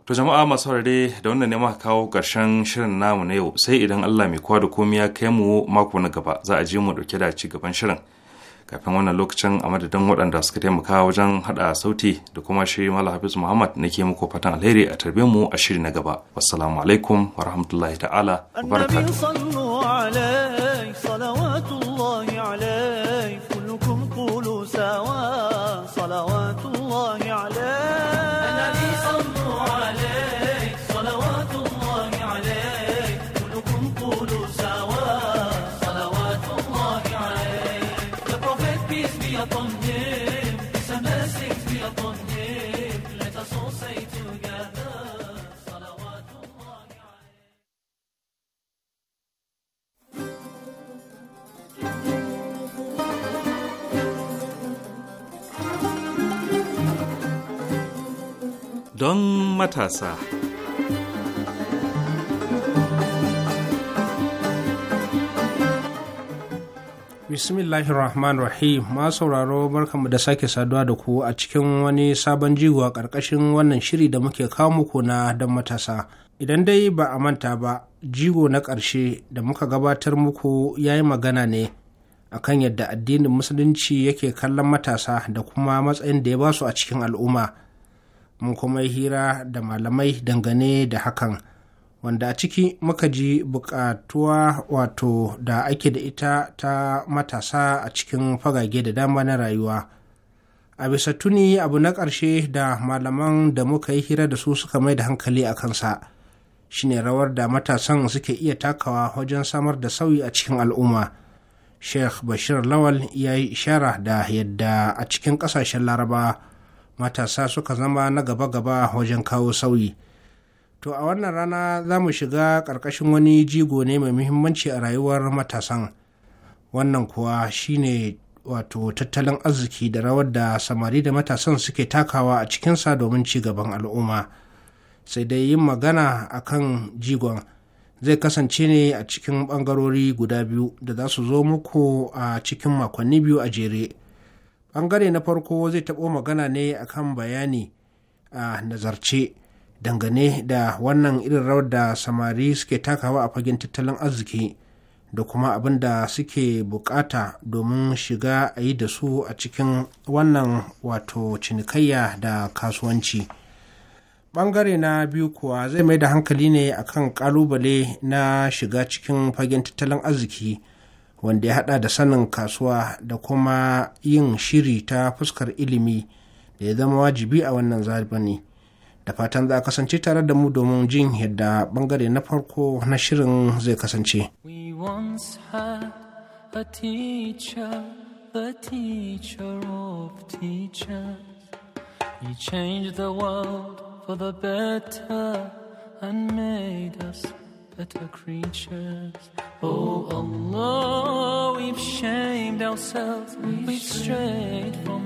To jama'a masu saurare da wannan ne muka kawo ƙarshen shirin namu na yau sai idan Allah mai kwa da komi ya kai mu mako na gaba za a je mu dauke da ci gaban shirin. Kafin wannan lokacin a madadin waɗanda suka taimaka wajen haɗa sauti da kuma shi Mala Hafiz Muhammad nake muku fatan alheri a tarbe mu a shiri na gaba. Wassalamu alaikum wa rahmatullahi ta'ala wa barakatuh. don matasa. Bismillahir Rahman Rahim, ma sauraro barkamu da sake saduwa da ku a cikin wani sabon jigo a ƙarƙashin wannan shiri da muke kawo muku na don matasa. Idan dai ba a manta ba, jigo na ƙarshe da muka gabatar muku ya yi magana ne a kan yadda addinin musulunci yake kallon matasa da kuma matsayin da ya basu a cikin al'umma. mun kuma yi hira da malamai dangane da hakan wanda a ciki muka ji bukatuwa wato da ake da ita ta matasa a cikin fagage da dama na rayuwa a bisa tuni abu na ƙarshe da malaman da muka yi hira da su suka mai da hankali a kansa shine rawar da matasan suke iya takawa wajen samar da sauyi a cikin al'umma sheikh bashir lawal ya yi ishara da yadda a cikin ƙasashen laraba matasa suka zama na gaba-gaba wajen kawo sauyi to a wannan rana za mu shiga ƙarƙashin wani jigo ne mai muhimmanci a rayuwar matasan wannan kuwa shi ne wato tattalin arziki da rawar da samari da matasan suke takawa a cikinsa domin ci gaban al'umma sai dai yin magana a kan jigon zai kasance ne a cikin ɓangarori guda biyu da za su zo muku a cikin makonni biyu a jere bangare na farko zai taɓo magana ne akan bayani a nazarce dangane da wannan irin rawar da samari suke takawa a fagen tattalin arziki da kuma abin da suke bukata domin shiga a yi da su a cikin wannan wato cinikayya da kasuwanci bangare na biyu kuwa zai mai da hankali ne akan kalubale na shiga cikin fagen tattalin arziki wanda ya hada da sanin kasuwa da kuma yin shiri ta fuskar ilimi da ya zama wajibi a wannan ne da fatan za a kasance tare da mu domin jin yadda bangare na farko na shirin zai kasance A teacher, the teacher of teachers. He changed the world for the better and made us better creatures. Oh Allah, we've shamed ourselves, we've strayed from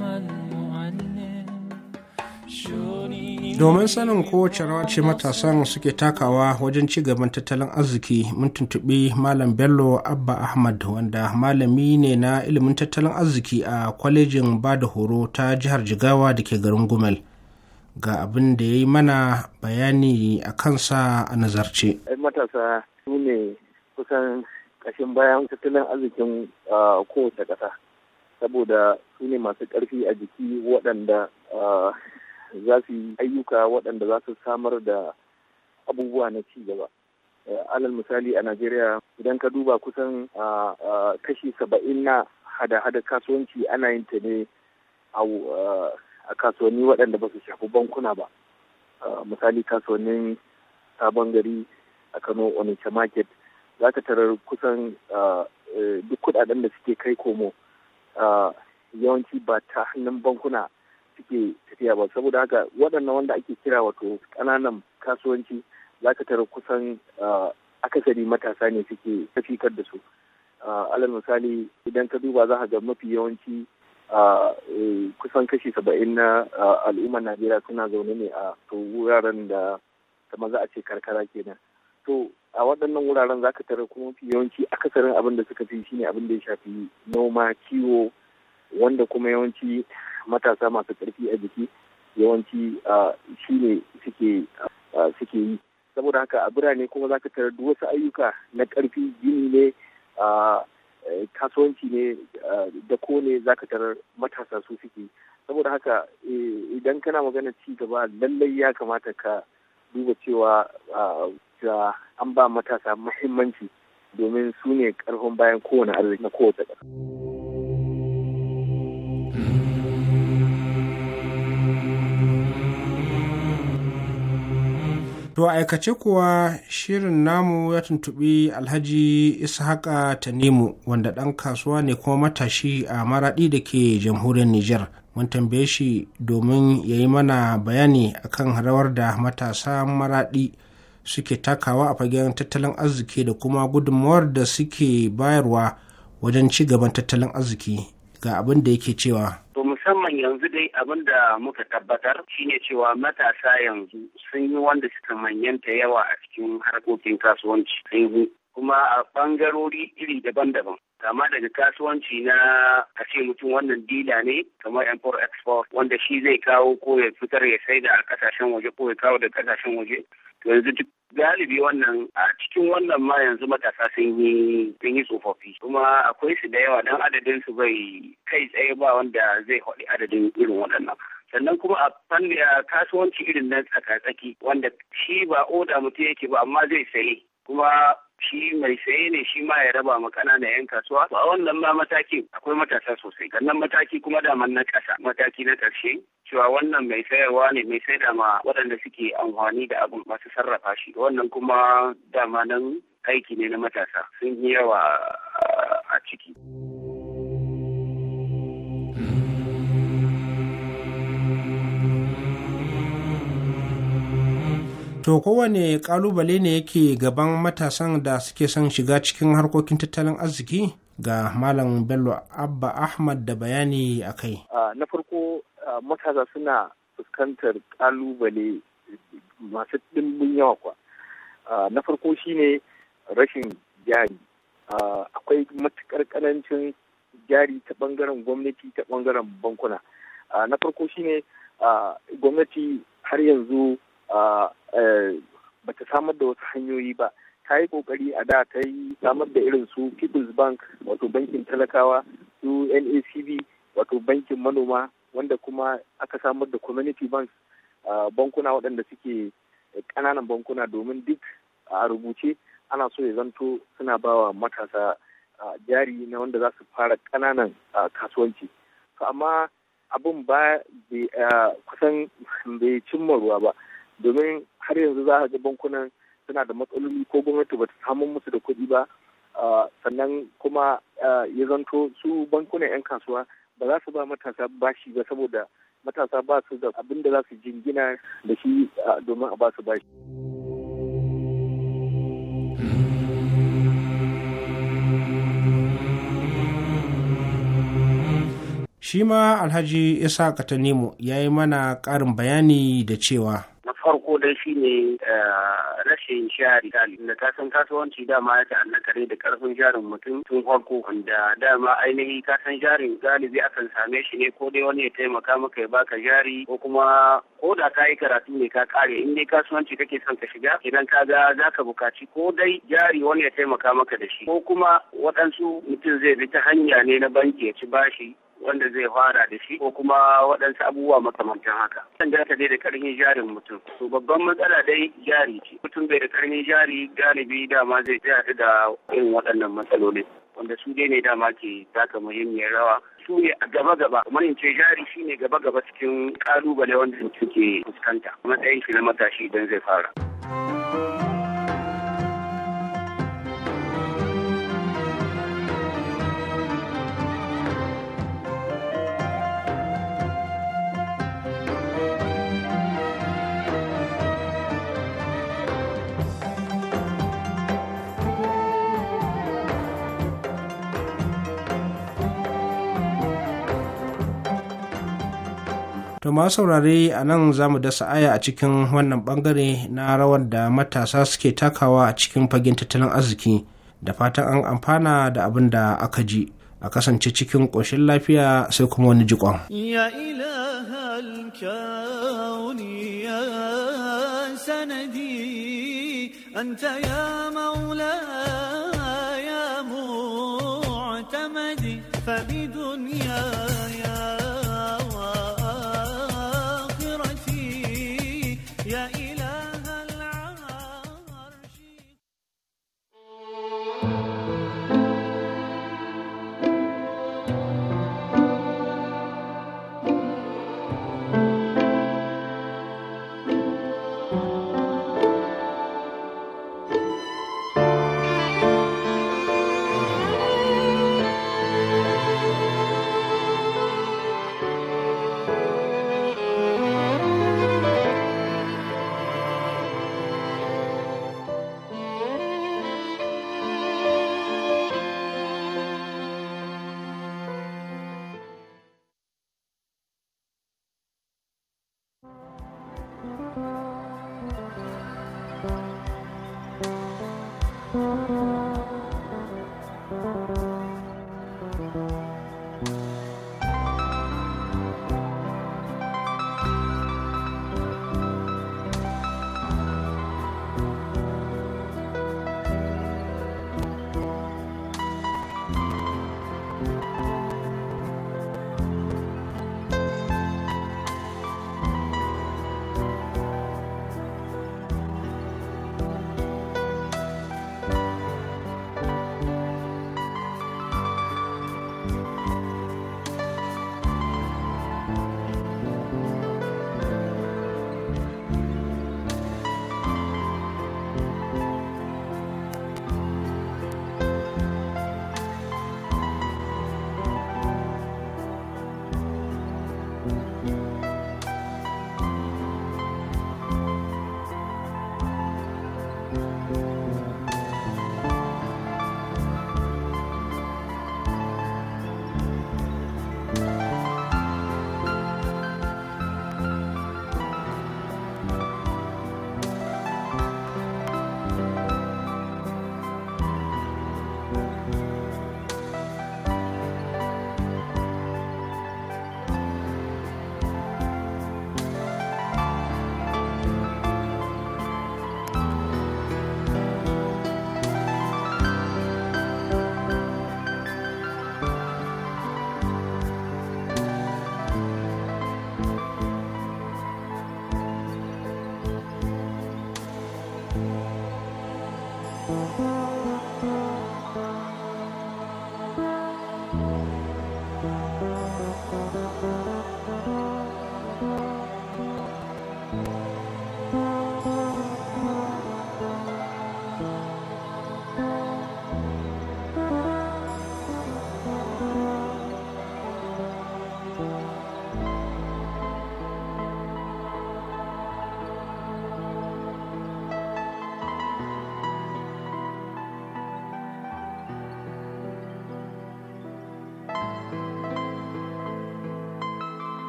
Domin sanin kowace rawa ce matasan suke takawa wajen ci gaban tattalin arziki mun tuntuɓi Malam Bello Abba Ahmad wanda malami ne na ilimin tattalin arziki a kwalejin bada horo ta jihar Jigawa da ke garin Gumel. ga abin da ya yi mana bayani a kansa a nazarce. matasa su ne kusan ƙashin bayan tattalin arzikin kowace ƙasa saboda su ne masu ƙarfi a jiki waɗanda za su yi ayyuka waɗanda za su samar da abubuwa na ci gaba alal misali a najeriya idan ka duba kusan kashi saba'in na hada-hada kasuwanci ana yin ta ne a a kasuwanni waɗanda ba su shafi bankuna ba misali kasuwannin sabon gari a kano onitsha market za ka tarar kusan e, duk kudaden da suke kai komo yawanci ba ta hannun bankuna suke tafiya ba saboda haka waɗannan wanda ake kira wato ƙananan kasuwanci za ka tarar kusan akasari matasa ne suke tafikar da su alal misali idan ka duba za ka ga mafi yawanci Eh, kusan kashi saba'in na al'ummar najeriya suna zaune ne a wuraren da kamar za a ce karkara kenan to a waɗannan wuraren za ka tara kuma fi yawanci akasarin abin da suka fi shine abin da ya shafi noma kiwo wanda kuma yawanci matasa masu ƙarfi a jiki yawanci shine suke suke yi saboda haka a birane kuma zaka tara duk wasu ayyuka na ƙarfi gini ne Eh, kasuwanci ne eh, da ko ne ka tarar matasa su suke saboda haka eh, idan kana magana ci gaba lallai ya kamata ka duba cewa ah, an ba matasa muhimmanci domin su ne karfin bayan kowane arziki na kowace ƙasa. To aikace kuwa shirin namu ya tuntuɓi Alhaji Ishaqa Tanimu wanda ɗan kasuwa ne kuma matashi a maraɗi da ke jamhuriyar Nijar. Mun tambaye shi domin ya yi mana bayani akan rawar da matasa maraɗi suke takawa a fagen tattalin arziki da kuma gudunmawar da suke bayarwa wajen ci gaban tattalin arziki ga abin da yake cewa. musamman yanzu dai abin da muka tabbatar shine cewa matasa yanzu sun yi wanda suka manyanta yawa a cikin harkokin kasuwanci kuma a bangarori iri daban-daban kama daga kasuwanci na a ce mutum wannan dila ne kamar import export wanda shi zai kawo ko ya fitar ya sai da a kasashen waje ko ya kawo da kasashen waje to yanzu duk galibi wannan a cikin wannan ma yanzu matasa sun yi sun yi tsofaffi kuma akwai su da yawa dan adadin su bai kai tsaye ba wanda zai haɗi adadin irin waɗannan sannan kuma a fannin kasuwanci irin na tsaka-tsaki wanda shi ba oda mutum yake ba amma zai sayi. kuma shi mai saye ne shi ma ya raba ma ƙananan 'yan kasuwa a wannan ma matakin akwai matasa sosai sannan mataki kuma daman na ƙasa mataki na ƙarshe cewa wannan mai sayarwa ne mai da ma waɗanda suke amfani da abin masu sarrafa shi wannan kuma dama nan aiki ne na matasa sun yi yawa a ciki. To kowane kalubale ne yake gaban matasan da suke son shiga cikin harkokin tattalin arziki ga Malam Bello Abba Ahmad da bayani a kai. Na farko matasa suna fuskantar kalubale masu dimbin yawa kwa. Na farko shine rashin jari. Akwai matuƙar ƙarancin jari ta ɓangaren gwamnati ta ɓangaren bankuna. Na farko shine gwamnati har yanzu Eh, ba ta samar da wasu hanyoyi ba ta yi kokari a da ta yi samar da irin su people's bank wato bankin talakawa su nacb wato bankin manoma wanda kuma aka samar da community banks bankuna waɗanda suke ƙananan bankuna domin duk a rubuce ana so ya zanto suna bawa matasa jari na wanda za su fara ƙananan kasuwanci amma abin ba kusan bai cimma ruwa ba domin har yanzu za a ga bankunan suna da matsaloli ko gwamnati bata samu musu da kuɗi ba ah, sannan kuma ah, ya zanto su bankunan 'yan kasuwa ba za su ba matasa bashi ba saboda matasa ba su da abin da za su jingina da shi ah, domin a ba su bashi. Shi ma Alhaji Isa Katanimu ya yi mana ƙarin bayani da cewa farko dai ne eh, rashin jari na kasan kasuwanci dama ya na-kare da karfin jarin mutum tun farko da dama ainihi kasan jarin galibi akan same shi ne ko dai wani ya taimaka maka ya baka jari ko kuma ko da ka yi karatu ne ka kare in dai kasuwanci kake son ka shiga idan ka ga za ka bukaci ko dai jari wani ya taimaka maka da shi ko kuma waɗansu mutum zai bi ta hanya ne na banki ya ci bashi wanda zai fara da shi ko kuma waɗansu abubuwa makamantan haka. Kan ta dai da ƙarni jarin mutum. To babban matsala dai jari ce. Mutum bai da ƙarni jari galibi dama zai haɗu da irin waɗannan matsaloli. Wanda su dai ne dama ke taka muhimmiyar rawa. Su ne a gaba-gaba, kamar in ce jari shi ne gaba-gaba cikin ƙalubale wanda mutum ke fuskanta. Matsayin shi na matashi idan zai fara. To masu saurare a nan za mu dasa aya a cikin wannan bangare na rawar da matasa suke takawa a cikin fagen tattalin arziki da fatan an amfana da abin da aka ji a kasance cikin ƙoshin lafiya sai kuma wani jikon. Ya ilaha alkauni ya sanadi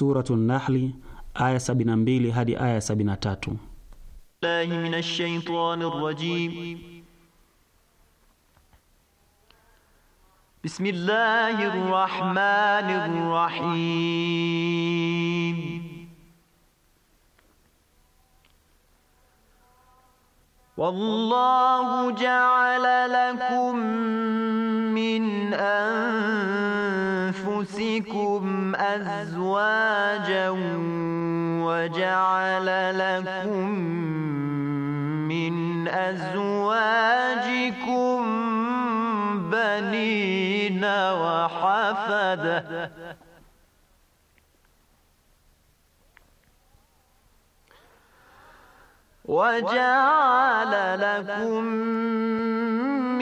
Suratu Nahli aya mbili hadi aya tatu. Billahi minash shaitanir rajim. Bismillahir rahmanir rahim. والله جعل لكم من أنفسكم أزواجا وجعل لكم من أزواجكم بنين وحفدة وجعل لكم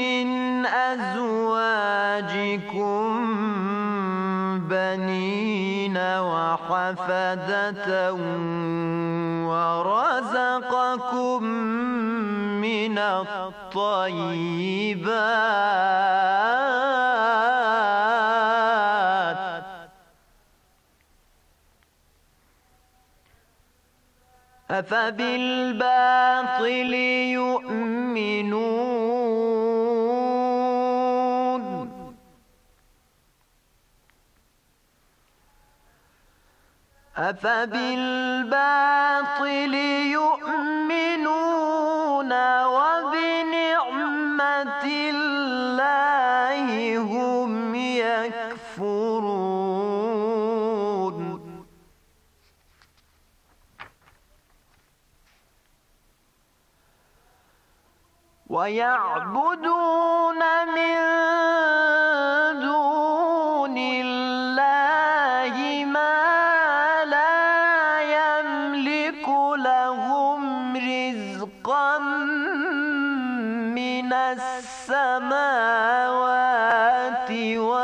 من أزواجكم وحفدة ورزقكم من الطيبات أفبالباطل يؤمنون أفبالباطل يؤمنون وبنعمة الله هم يكفرون ويعبدون من